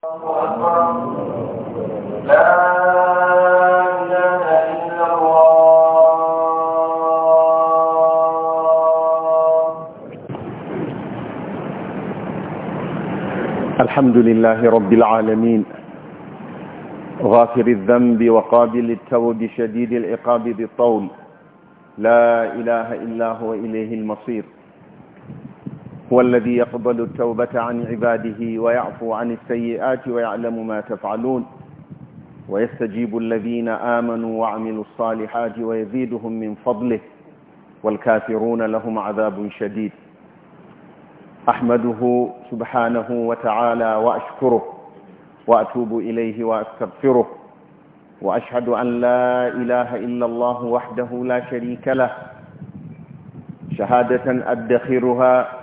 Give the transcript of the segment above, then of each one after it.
الحمد لله رب العالمين غافر الذنب وقابل التوب شديد العقاب بالطول لا إله إلا هو إليه المصير هو الذي يقبل التوبة عن عباده ويعفو عن السيئات ويعلم ما تفعلون ويستجيب الذين آمنوا وعملوا الصالحات ويزيدهم من فضله والكافرون لهم عذاب شديد أحمده سبحانه وتعالى وأشكره وأتوب إليه وأستغفره وأشهد أن لا إله إلا الله وحده لا شريك له شهادة أدخرها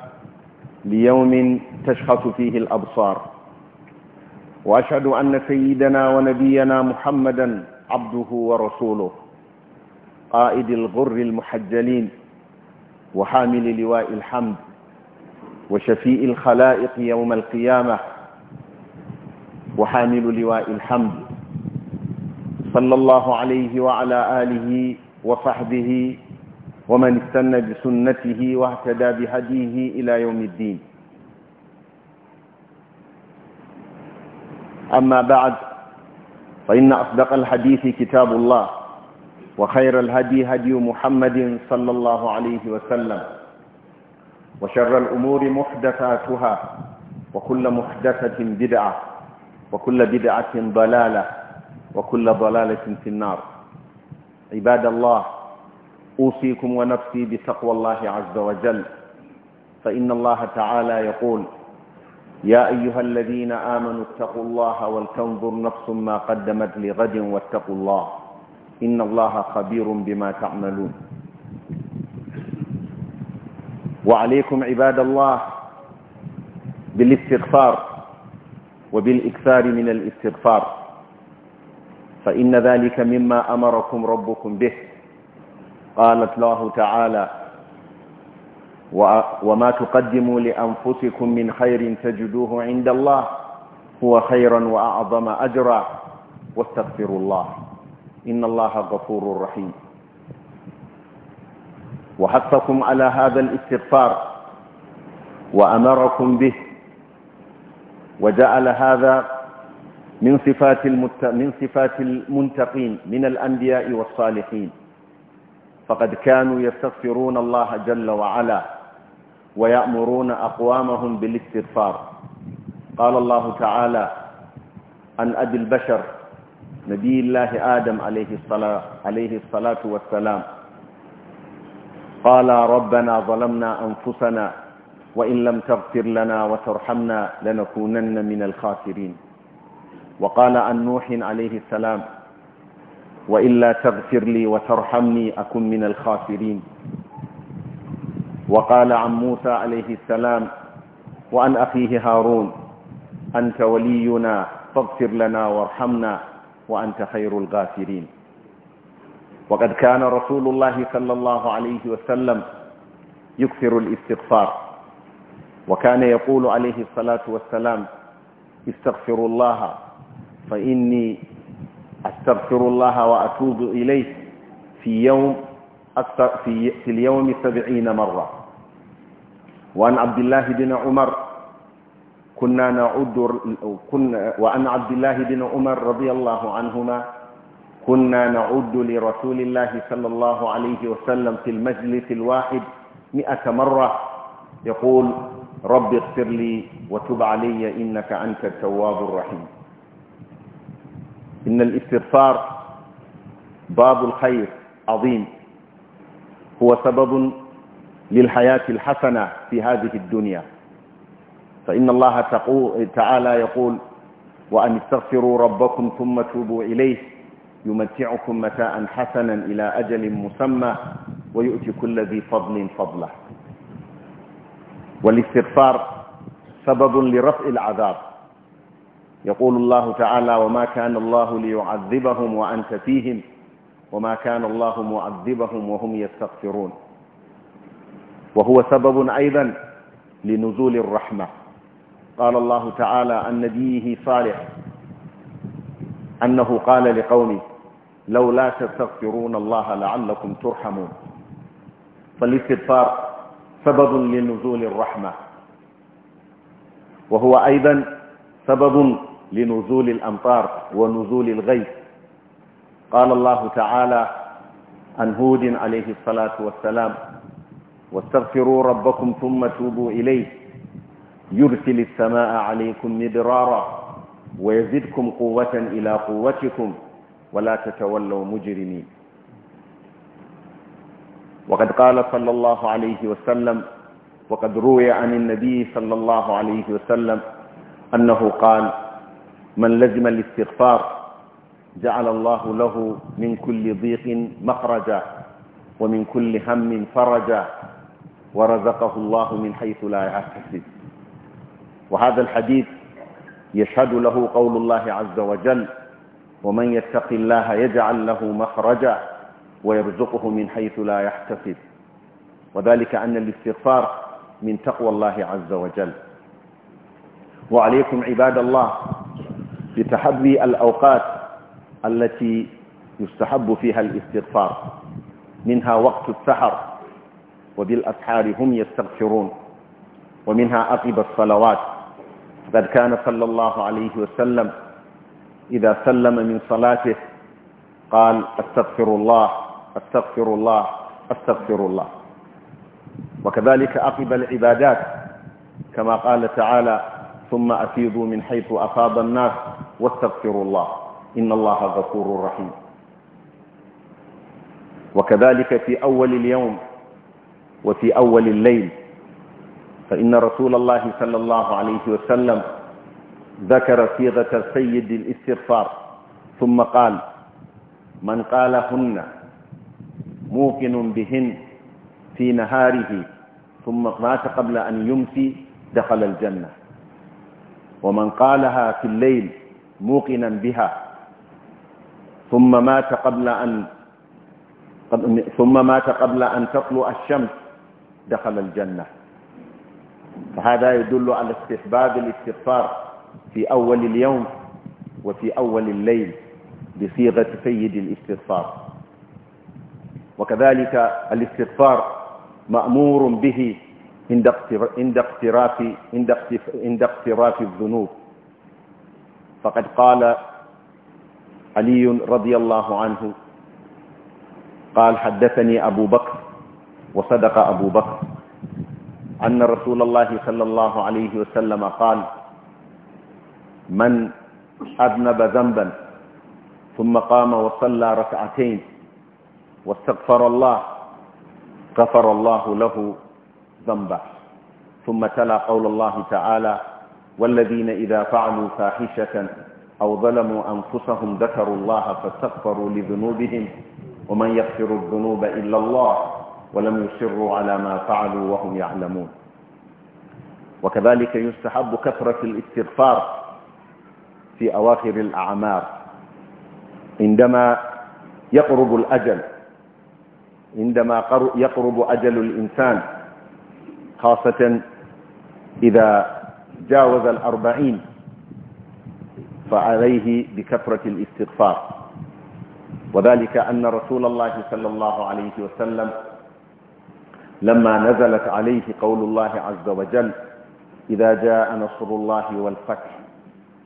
ليوم تشخص فيه الأبصار وأشهد أن سيدنا ونبينا محمدا عبده ورسوله قائد الغر المحجلين وحامل لواء الحمد وشفيء الخلائق يوم القيامة وحامل لواء الحمد صلى الله عليه وعلى آله وصحبه ومن استنى بسنته واهتدى بهديه إلى يوم الدين أما بعد فإن أصدق الحديث كتاب الله وخير الهدي هدي محمد صلى الله عليه وسلم وشر الأمور محدثاتها وكل محدثة بدعة وكل بدعة ضلالة وكل ضلالة في النار عباد الله أوصيكم ونفسي بتقوى الله عز وجل فإن الله تعالى يقول يا أيها الذين آمنوا اتقوا الله ولتنظر نفس ما قدمت لغد واتقوا الله إن الله خبير بما تعملون وعليكم عباد الله بالاستغفار وبالإكثار من الاستغفار فإن ذلك مما أمركم ربكم به قال الله تعالى وما تقدموا لأنفسكم من خير تجدوه عند الله هو خيرا وأعظم أجرا واستغفروا الله إن الله غفور رحيم وحثكم على هذا الاستغفار وأمركم به وجعل هذا من صفات, من صفات المنتقين من الأنبياء والصالحين فقد كانوا يستغفرون الله جل وعلا ويأمرون أقوامهم بالاستغفار قال الله تعالى عن أبي البشر نبي الله آدم عليه الصلاة, عليه الصلاة والسلام قال ربنا ظلمنا أنفسنا وإن لم تغفر لنا وترحمنا لنكونن من الخاسرين وقال عن نوح عليه السلام وإلا تغفر لي وترحمني أكن من الخاسرين وقال عن موسى عليه السلام وعن أخيه هارون أنت ولينا فاغفر لنا وارحمنا وأنت خير الغافرين وقد كان رسول الله صلى الله عليه وسلم يكثر الاستغفار وكان يقول عليه الصلاة والسلام استغفر الله فإني أستغفر الله وأتوب إليه في يوم في, في اليوم سبعين مرة وعن عبد الله بن عمر كنا نعد كنا وعن عبد الله بن عمر رضي الله عنهما كنا نعد لرسول الله صلى الله عليه وسلم في المجلس الواحد مئة مرة يقول رب اغفر لي وتب علي إنك أنت التواب الرحيم إن الاستغفار باب الخير عظيم هو سبب للحياة الحسنة في هذه الدنيا فإن الله تعالى يقول وأن استغفروا ربكم ثم توبوا إليه يمتعكم متاء حسنا إلى أجل مسمى ويؤتي كل ذي فضل فضله والاستغفار سبب لرفع العذاب يقول الله تعالى وما كان الله ليعذبهم وأنت فيهم وما كان الله معذبهم وهم يستغفرون وهو سبب أيضا لنزول الرحمة قال الله تعالى عن نبيه صالح أنه قال لقومه لولا تستغفرون الله لعلكم ترحمون فالاستغفار سبب لنزول الرحمة وهو أيضا سبب لنزول الأمطار ونزول الغيث قال الله تعالى عن هود عليه الصلاة والسلام واستغفروا ربكم ثم توبوا إليه يرسل السماء عليكم مدرارا ويزدكم قوة إلى قوتكم ولا تتولوا مجرمين وقد قال صلى الله عليه وسلم وقد روي عن النبي صلى الله عليه وسلم أنه قال من لزم الاستغفار جعل الله له من كل ضيق مخرجا ومن كل هم فرجا ورزقه الله من حيث لا يحتسب وهذا الحديث يشهد له قول الله عز وجل ومن يتق الله يجعل له مخرجا ويرزقه من حيث لا يحتسب وذلك أن الاستغفار من تقوى الله عز وجل وعليكم عباد الله بتحدي الأوقات التي يستحب فيها الاستغفار منها وقت السحر وبالأسحار هم يستغفرون ومنها أقب الصلوات قد كان صلى الله عليه وسلم إذا سلم من صلاته قال استغفر الله استغفر الله استغفر الله وكذلك أقب العبادات كما قال تعالى ثم أفيضوا من حيث أفاض الناس واستغفروا الله إن الله غفور رحيم وكذلك في أول اليوم وفي أول الليل فإن رسول الله صلى الله عليه وسلم ذكر صيغة سيد الاستغفار ثم قال من قالهن موقن بهن في نهاره ثم مات قبل أن يمسي دخل الجنة ومن قالها في الليل موقنا بها ثم مات قبل أن ثم مات قبل أن تطلع الشمس دخل الجنة فهذا يدل على استحباب الاستغفار في أول اليوم وفي أول الليل بصيغة سيد الاستغفار وكذلك الاستغفار مأمور به عند اقتراف عند اقتراف الذنوب فقد قال علي رضي الله عنه قال حدثني أبو بكر وصدق أبو بكر أن رسول الله صلى الله عليه وسلم قال من أذنب ذنبا ثم قام وصلى ركعتين واستغفر الله غفر الله له ذنبه ثم تلا قول الله تعالى والذين إذا فعلوا فاحشة أو ظلموا أنفسهم ذكروا الله فاستغفروا لذنوبهم ومن يغفر الذنوب إلا الله ولم يصروا على ما فعلوا وهم يعلمون وكذلك يستحب كثرة الاستغفار في أواخر الأعمار عندما يقرب الأجل عندما يقرب أجل الإنسان خاصة إذا جاوز الأربعين فعليه بكثرة الاستغفار وذلك أن رسول الله صلى الله عليه وسلم لما نزلت عليه قول الله عز وجل إذا جاء نصر الله والفتح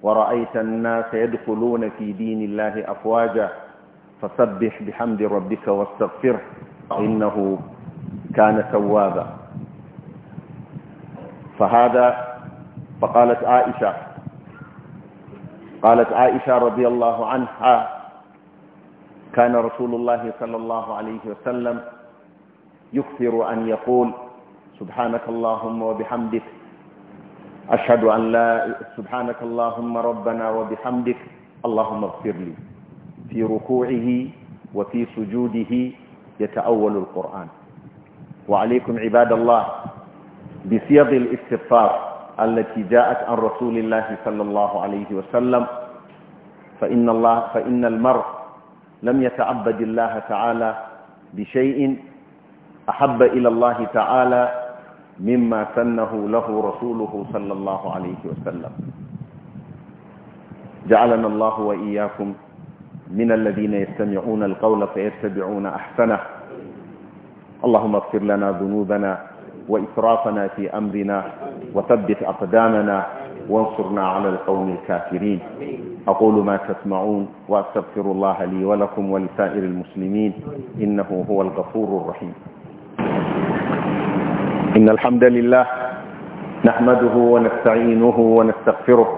ورأيت الناس يدخلون في دين الله أفواجا فسبح بحمد ربك واستغفره إنه كان توابا فهذا فقالت عائشة قالت عائشة رضي الله عنها كان رسول الله صلى الله عليه وسلم يكثر أن يقول سبحانك اللهم وبحمدك أشهد أن لا سبحانك اللهم ربنا وبحمدك اللهم اغفر لي في ركوعه وفي سجوده يتأول القرآن وعليكم عباد الله بصيغ الاستغفار التي جاءت عن رسول الله صلى الله عليه وسلم فإن, الله فإن المرء لم يتعبد الله تعالى بشيء أحب إلى الله تعالى مما سنه له رسوله صلى الله عليه وسلم جعلنا الله وإياكم من الذين يستمعون القول فيتبعون أحسنه اللهم اغفر لنا ذنوبنا وإسرافنا في أمرنا وثبت أقدامنا وانصرنا على القوم الكافرين أقول ما تسمعون وأستغفر الله لي ولكم ولسائر المسلمين إنه هو الغفور الرحيم إن الحمد لله نحمده ونستعينه ونستغفره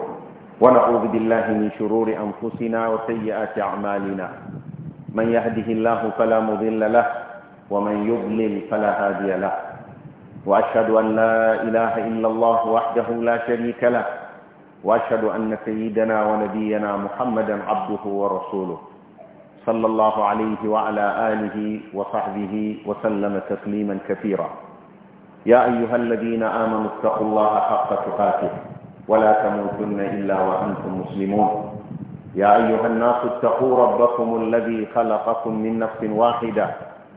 ونعوذ بالله من شرور أنفسنا وسيئات أعمالنا من يهده الله فلا مضل له ومن يضلل فلا هادي له وأشهد أن لا إله إلا الله وحده لا شريك له وأشهد أن سيدنا ونبينا محمدا عبده ورسوله صلى الله عليه وعلى آله وصحبه وسلم تسليما كثيرا يا أيها الذين آمنوا اتقوا الله حق تقاته ولا تموتن إلا وأنتم مسلمون يا أيها الناس اتقوا ربكم الذي خلقكم من نفس واحدة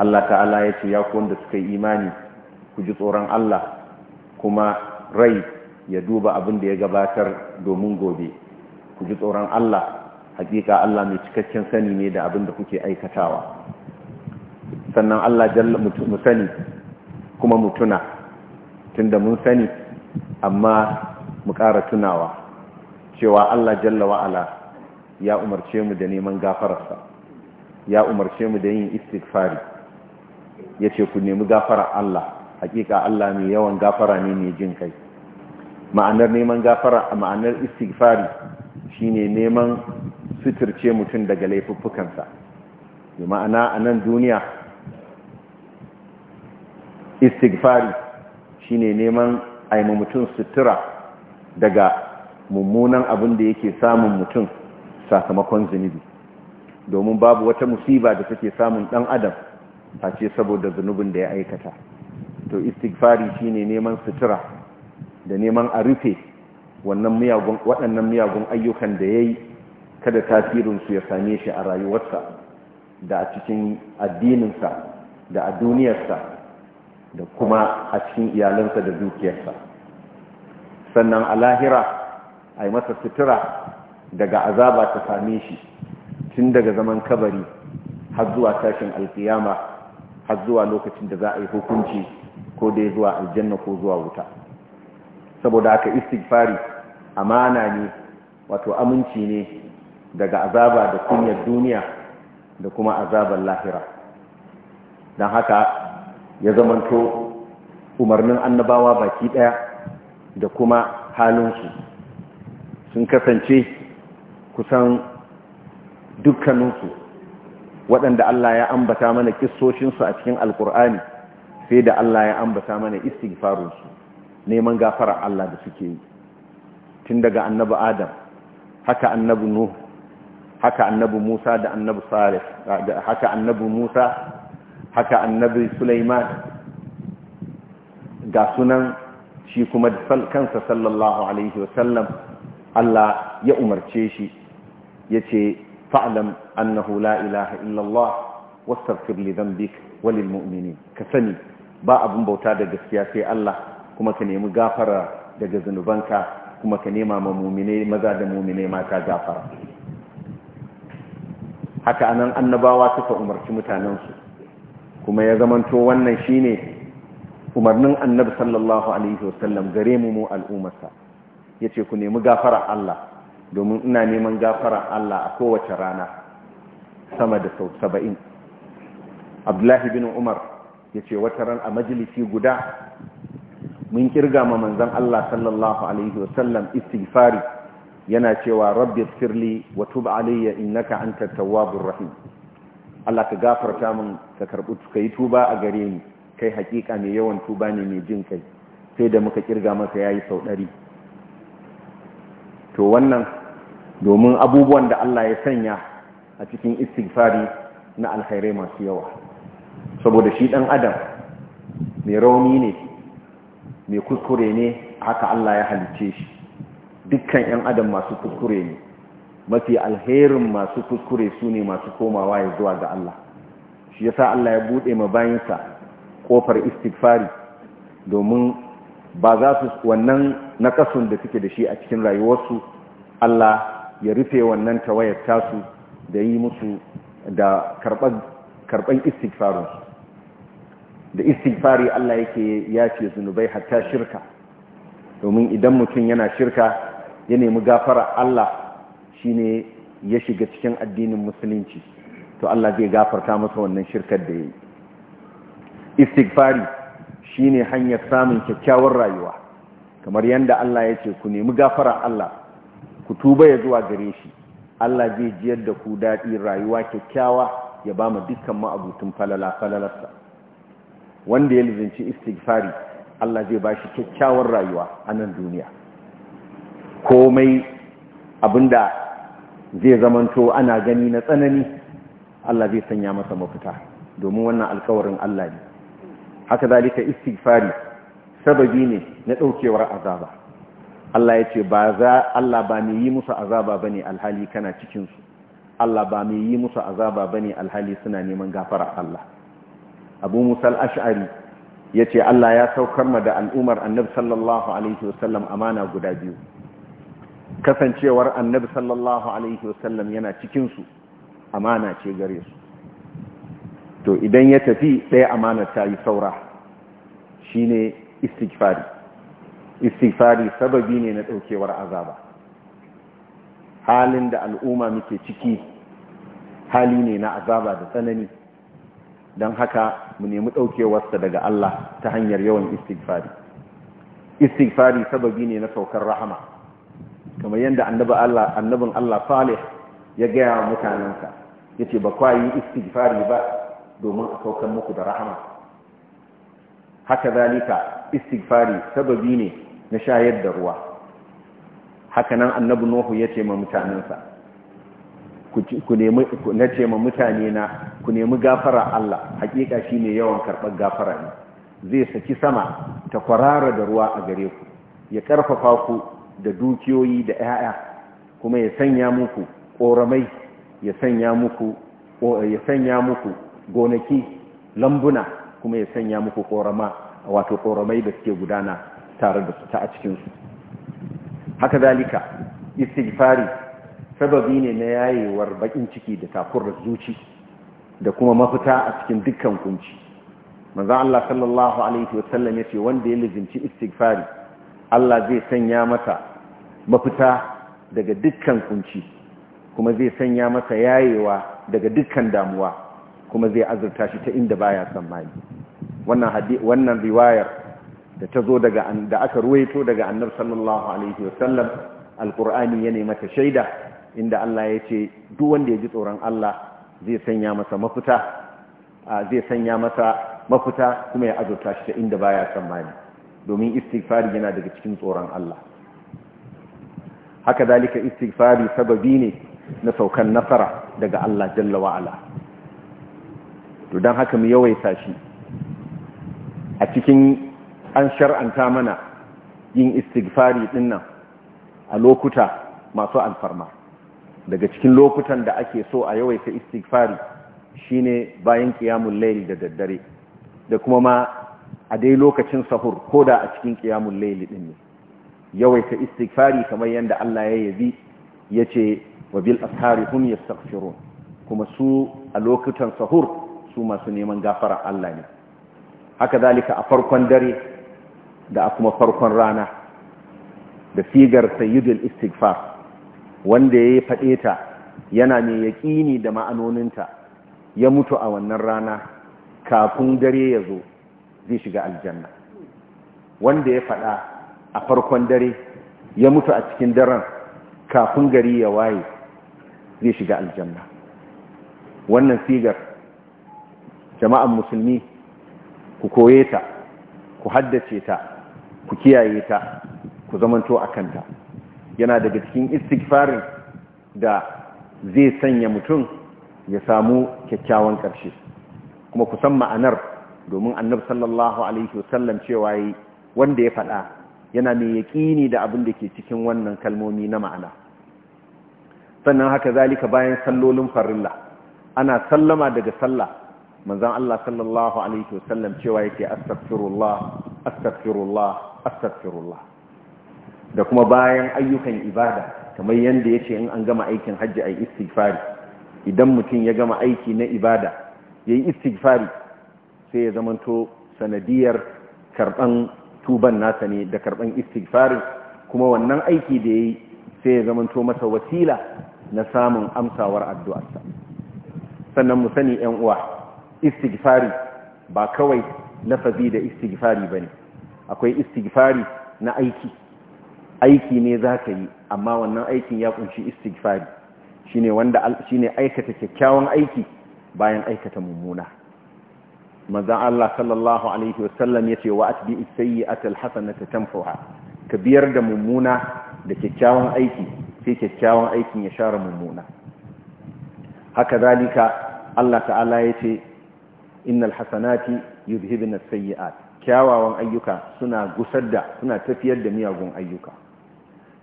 Allah ta'ala ya ce ya ku wanda suka yi imani ku ji tsoron Allah kuma rai ya duba abin da ya gabatar domin gobe ku ji tsoron Allah hakika Allah mai cikakken sani ne da abin da kuke aikatawa sannan Allah jalla mu sani kuma mutuna tunda mun sani amma mu ƙara tunawa cewa Allah jalla wa'ala ya umarce mu da neman gafararsa ya umarce mu da yin istighfari ya ce ku nemi gafara Allah hakika Allah mai yawan gafara ne mai jin kai ma'anar neman gafara ma'anar istighfari shine neman suturce mutum daga laifuffukansa da ma'ana a nan duniya istighfari shine neman aima mutum sutura daga mummunan abin da yake samun mutum sakamakon zunubi domin babu wata musiba da take samun dan adam face saboda zunubin da ya aikata to istighfari shine neman sutura da neman a rufe waɗannan miyagun ayyukan da ya yi kada tasirin su ya same shi a rayuwarsa da a cikin addininsa da a duniyarsa da kuma a cikin iyalansa da dukiyarsa sannan a lahira a yi masa sutura daga azaba ta same shi tun daga zaman kabari har zuwa tashin alkiyama har zuwa lokacin da za a yi hukunci ko dai zuwa aljanna ko zuwa wuta saboda haka istighfari amana ne wato aminci ne daga azaba da kunyar duniya da kuma azabar lahira don haka ya zamanto umarnin annabawa baki daya da kuma halinsu sun kasance kusan dukkaninsu waɗanda Allah ya ambata mana kissocinsu a cikin alkur'ani sai da Allah ya ambata mana istighfarinsu neman gafara Allah da suke yi tun daga annabi adam haka annabi nuh haka annabi musa da annabi salih haka annabi musa haka annabi sulaiman ga sunan shi kuma da kansa sallallahu alaihi wasallam Allah ya umarce shi ya ce fa'lam annahu la ilaha illallah wastaghfir li dhanbik wa lil ka sani ba abun bauta da gaskiya sai Allah kuma ka nemi gafara daga zanubanka kuma ka nema ma mu'mine maza da mu'mine mata gafara haka anan annabawa suka umarci mutanensu kuma ya zamanto wannan shine umarnin annabi sallallahu alaihi wasallam gare mu mu al'ummarsa yace ku nemi gafara Allah domin ina neman gafarar Allah a kowace rana sama da sau saba'in abdullahi bin umar ya ce wata ran a majalisi guda mun kirga ma manzan Allah sallallahu alaihi wasallam istighfari yana cewa rabbi firli wa tub in naka an tawwabur rahim Allah ka gafarta min ka karbu ka yi tuba a gare ni kai hakika mai yawan tuba ne mai jin kai sai da muka kirga masa yayi sau ɗari. to wannan domin abubuwan da Allah ya sanya a cikin istighfari na alkhairai masu yawa saboda shi ɗan adam mai rauni ne mai kuskure ne haka Allah ya halice shi dukkan yan adam masu kuskure ne mafi alherin masu kuskure su ne masu komawa ya zuwa ga Allah shi yasa Allah ya buɗe ma bayinsa ƙofar istighfari domin ba za su wannan nakasun da suke da shi a cikin rayuwarsu Allah ya rufe wannan tawayar tasu da yi musu da karɓar istighfarinsu da istighfari Allah yake ya ce zunubai hatta shirka domin idan mutum yana shirka ya nemi gafara Allah shine ya shiga cikin addinin musulunci to Allah zai gafarta masa wannan shirkar da ya yi istighfari shine hanyar samun kyakkyawar rayuwa kamar yadda Allah ya ce ku nemi gafara Allah ku tuba ya zuwa gare shi Allah zai jiyar da ku daɗi rayuwa kyakkyawa ya ba mu dukkan ma'abutun falala falalarsa wanda ya lizinci istighfari Allah zai ba shi kyakkyawar rayuwa a nan duniya komai abinda zai zamanto ana gani na tsanani Allah zai sanya masa mafita domin wannan alkawarin Allah ne haka zalika istighfari sababi ne na daukewar azaba Allah ya ce ba za Allah ba mai yi musu azaba bane alhali kana cikinsu Allah ba mai yi musu azaba bane alhali suna neman gafara Allah Abu musal Ash'ari ya ce Allah ya saukar ma da al'umar annab sallallahu alaihi wasallam amana guda biyu kasancewar Annabi sallallahu alaihi wasallam yana cikinsu amana ce gare su to idan ya tafi ɗaya amana ta yi saura shine istikfari. istighfari sababi ne na daukewar azaba halin da al'umma muke ciki hali ne na azaba da tsanani don haka mu nemi ɗaukewarsa daga Allah ta hanyar yawan istighfari istighfari sababi ne na saukar rahama kamar yadda annabin Allah Salih ya gaya wa mutanensa yace ba kwayi yi ba domin a saukar muku da rahama haka zalika istighfari sababi ne na shayar da ruwa hakanan annabi nuhu ya ce ma mutanensa ku nemi na ce ma mutane na ku nemi gafara Allah hakika shine yawan karɓar gafara ne zai saki sama ta kwarara da ruwa a gare ku ya karfafa ku da dukiyoyi da 'ya'ya kuma ya sanya muku ƙoramai ya sanya muku ya sanya muku gonaki lambuna kuma ya sanya muku ƙorama wato ƙoramai da suke gudana tare da su ta a cikinsu haka dalika istighfari sababi ne na yayewar bakin ciki da takurar zuci da kuma mafita a cikin dukkan kunci manzo Allah sallallahu alaihi sallam yace wanda ya lizinci istighfari Allah zai sanya masa mafita daga dukkan kunci kuma zai sanya masa yayewa daga dukkan damuwa kuma zai azurta shi ta inda baya tsammani wannan wannan riwayar da ta zo daga da aka ruwaito daga annabi sallallahu alaihi wasallam alqur'ani ya ne mata shaida inda Allah ya ce duk wanda ya ji tsoron Allah zai sanya masa mafita zai sanya masa mafita kuma ya azurta shi ta inda baya san bani domin istighfar yana daga cikin tsoron Allah haka dalika istighfari sababi ne na saukan nasara daga Allah jalla wa ala to dan haka mu yawaita shi a cikin an shar'anta mana yin istighfari dinnan a lokuta masu alfarma daga cikin lokutan da ake so a yawaita istighfari shine bayan qiyamul layl da daddare da kuma ma a dai lokacin sahur koda a cikin qiyamul layl din ne yawaita istighfari kamar yanda Allah ya yabi yace wa bil ashari hum yastaghfirun kuma su a lokutan sahur su masu neman gafara Allah ne haka zalika a farkon dare da kuma farkon rana da sigar sayyidul istighfar wanda ya faɗe ta yana mai yaƙini da ma'anoninta ya mutu a wannan rana kafin dare ya zo zai shiga aljanna wanda ya faɗa a farkon dare ya mutu a cikin daren kafin gari ya waye zai shiga aljanna wannan sigar jama'an musulmi ku koye ta ku haddace ta ku kiyaye ta ku zamanto a kanta yana daga cikin istighfarin da zai sanya mutum ya samu kyakkyawan ƙarshe kuma ku san ma'anar domin annabi sallallahu alaihi wasallam cewa yi wanda ya faɗa yana mai yaƙini da abin da ke cikin wannan kalmomi na ma'ana sannan haka zalika bayan sallolin farilla ana sallama daga sallah manzan Allah sallallahu alaihi wasallam cewa yake astaghfirullah astaghfirullah astaghfirullah da kuma bayan ayyukan ibada kamar yanda yace in an gama aikin hajji ay istighfari idan mutum ya gama aiki na ibada yayi istighfari sai ya zamanto sanadiyar karban tuban nasa ne da karban istighfarin kuma wannan aiki da yayi sai ya zamanto masa wasila na samun amsawar addu'arsa sannan mu sani ‘yan uwa istighfari ba kawai lafazi da istighfari bane akwai istighfari na aiki aiki ne za ka yi amma wannan aikin ya kunshi istighfari shine wanda shine aikata kyakkyawan aiki bayan aikata mummuna manzon Allah sallallahu alaihi wasallam yace wa atbi as-sayyi'ata al-hasanata tamfuha ka biyar da mummuna da kyakkyawan aiki sai kyakkyawan aikin ya share mummuna haka zalika Allah ta'ala yace innal hasanati yudhibna as-sayyi'at kyawawan ayyuka suna gusar da suna tafiyar da miyagun ayyuka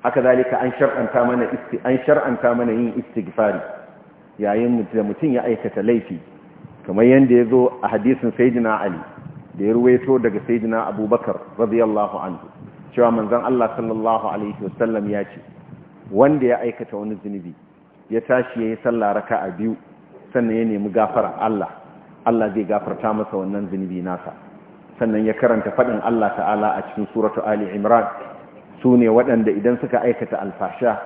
haka zalika an shar'anta mana isti an shar'anta mana yin istighfari yayin da mutum ya aikata laifi kamar yanda ya zo a hadisin sayyidina ali da ya ruwaito daga sayyidina abubakar radiyallahu anhu cewa manzon Allah sallallahu alaihi wasallam ya ce wanda ya aikata wani zunubi ya tashi yayi sallah raka'a biyu sannan ya nemi gafara Allah Allah zai gafarta masa wannan zunubi nasa sannan ya karanta faɗin Allah ta'ala a cikin suratu Ali Imran su ne waɗanda idan suka aikata alfasha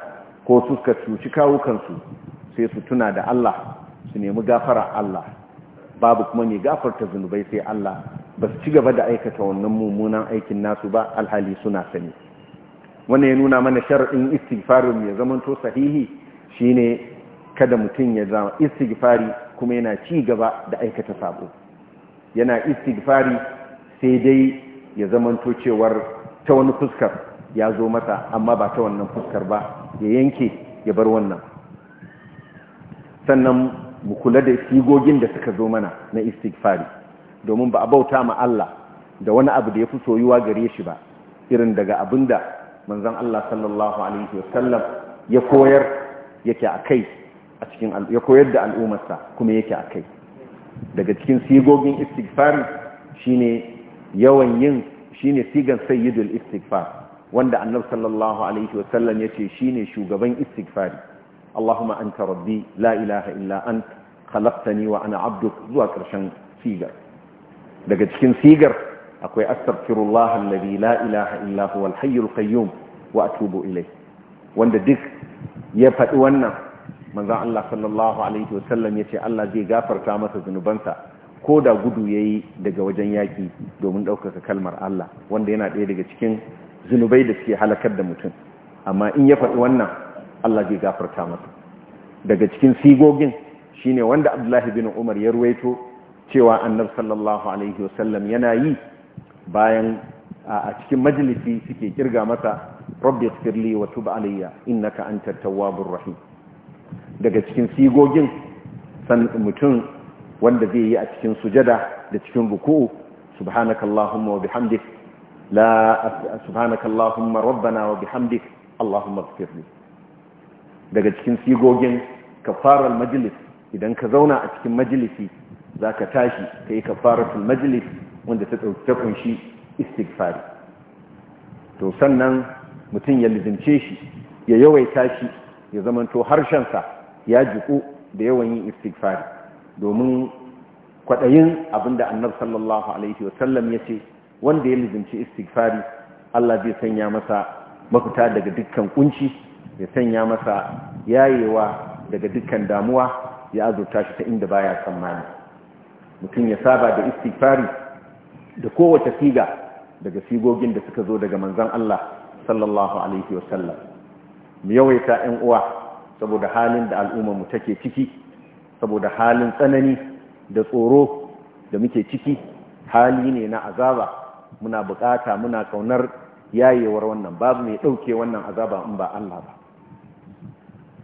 ko suka cuci kawukansu sai su tuna da Allah su nemi gafara Allah babu kuma mai gafarta zunubai sai Allah ba su ci gaba da aikata wannan mummunan aikin nasu ba alhali suna sani wannan ya nuna mana sharaɗin istighfarin ya zamanto sahihi shine kada mutum ya zama istighfari kuma yana ci gaba da aikata sabo yana istighfari sai dai ya zamanto cewar ta wani fuskar ya zo mata amma ba ta wannan fuskar ba ya yanke ya bar wannan sannan mu kula da sigogin da suka zo mana na istighfari domin ba a bauta ma Allah da wani abu da ya fi soyuwa gare shi ba irin daga abin da manzon Allah sallallahu alaihi wasallam ya koyar yake a kai a cikin ya koyar da al'ummarsa kuma yake a kai daga cikin sigogin istighfari shine yawan yin shine sigan sayyidul istighfar wanda annabi sallallahu alaihi wasallam yace shine shugaban istighfari Allahumma anta rabbi la ilaha illa ant khalaqtani wa ana abduk zuwa karshen sigar daga cikin sigar akwai astaghfirullah alladhi la ilaha illa huwa Alhayyul Kayyum qayyum wa atubu ilayh wanda duk ya faɗi wannan manzon Allah sallallahu alaihi wasallam yace Allah zai gafarta masa zunubansa ko da gudu ya yi daga wajen yaƙi domin ɗaukaka kalmar Allah wanda yana ɗaya daga cikin zunubai da suke halakar da mutum amma in ya faɗi wannan Allah zai gafarta masa daga cikin sigogin shine wanda Abdullahi bin Umar ya ruwaito cewa annar sallallahu alaihi wasallam yana yi bayan a cikin majalisi suke kirga masa rabbi ighfirli wa tub alayya innaka antat tawwabur rahim daga cikin sigogin san mutum wanda zai yi a cikin sujada da cikin ruku subhanakallahumma wa bihamdik la subhanakallahumma rabbana wa bihamdik allahumma zikirni daga cikin sigogin kafarar majlis idan ka zauna a cikin majlisi zaka tashi kai kafaratul majlis wanda ta ta kunshi istighfari to sannan mutum ya lizince shi ya yawaita shi ya zamanto harshensa ya jiku da yawan yin istighfari domin kwaɗayin abinda annabi sallallahu alaihi wasallam ya ce wanda ya lizinci istighfari Allah zai sanya masa mafita daga dukkan kunci ya sanya masa yayewa daga dukkan damuwa ya azurta shi ta inda baya tsammani mutum ya saba da istighfari da kowace siga daga sigogin da suka zo daga manzon Allah sallallahu alaihi wasallam mu yawaita 'yan uwa saboda halin da al'ummar mu take ciki saboda halin tsanani da tsoro da muke ciki hali ne na azaba muna bukata muna kaunar yayewar wannan babu mai dauke wannan azaba in ba Allah ba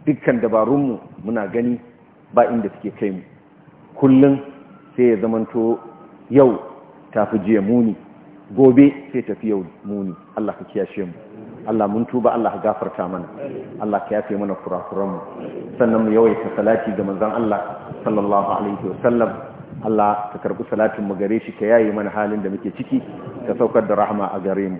dukkan dabarunmu muna gani ba inda suke kai mu kullun sai ya zamanto yau tafi jiya muni gobe sai tafi yau muni Allah ka kiyashe mu Allah mun tuba Allah ka gafarta mana Allah ka yafe mana kurakuran mu sannan mu yawaita salati ga manzon Allah sallallahu alaihi wasallam Allah ka karbi salatin mu gare shi ka yayi mana halin da muke ciki ka saukar da rahama a gare mu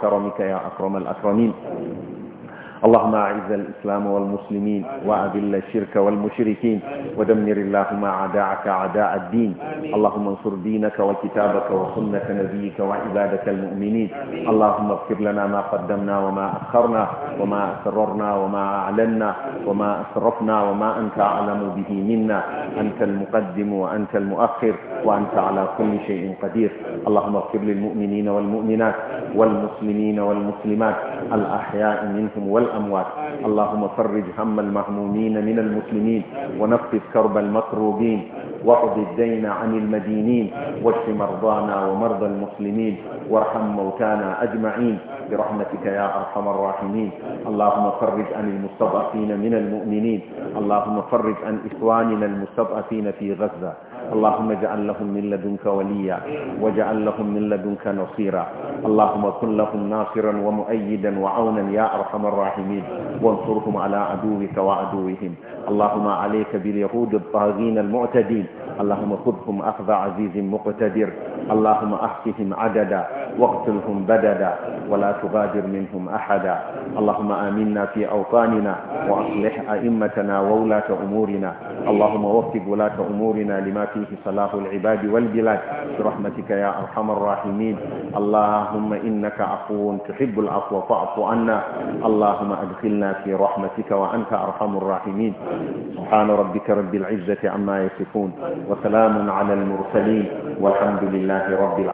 وكرمك يا أكرم الأكرمين اللهم أعز الإسلام والمسلمين وأذل الشرك والمشركين ودمر اللهم أعداءك أعداء الدين اللهم انصر دينك وكتابك وسنة نبيك وعبادك المؤمنين اللهم اغفر لنا ما قدمنا وما أخرنا وما أسررنا وما أعلنا وما أسرفنا وما أنت أعلم به منا أنت المقدم وأنت المؤخر وأنت على كل شيء قدير اللهم اغفر للمؤمنين والمؤمنات والمسلمين والمسلمات الأحياء منهم والأحياء والأموات اللهم فرج هم المهمومين من المسلمين ونفذ كرب المكروبين واقض الدين عن المدينين واشف مرضانا ومرضى المسلمين وارحم موتانا أجمعين برحمتك يا أرحم الراحمين اللهم فرج عن المستضعفين من المؤمنين اللهم فرج عن إخواننا المستضعفين في غزة اللهم اجعل لهم من لدنك وليا واجعل لهم من لدنك نصيرا اللهم كن لهم ناصرا ومؤيدا وعونا يا أرحم الراحمين وانصرهم على عدوك وعدوهم اللهم عليك باليهود الطاغين المعتدين اللهم خذهم أخذ عزيز مقتدر اللهم احصهم عددا واقتلهم بددا ولا تغادر منهم أحدا اللهم آمنا في أوطاننا وأصلح أئمتنا وولاة أمورنا اللهم وفق ولاة أمورنا لما في فيه صلاح العباد والبلاد برحمتك يا أرحم الراحمين اللهم إنك عفو تحب العفو فاعف عنا اللهم أدخلنا في رحمتك وأنت أرحم الراحمين سبحان ربك رب العزة عما يصفون وسلام على المرسلين والحمد لله رب العالمين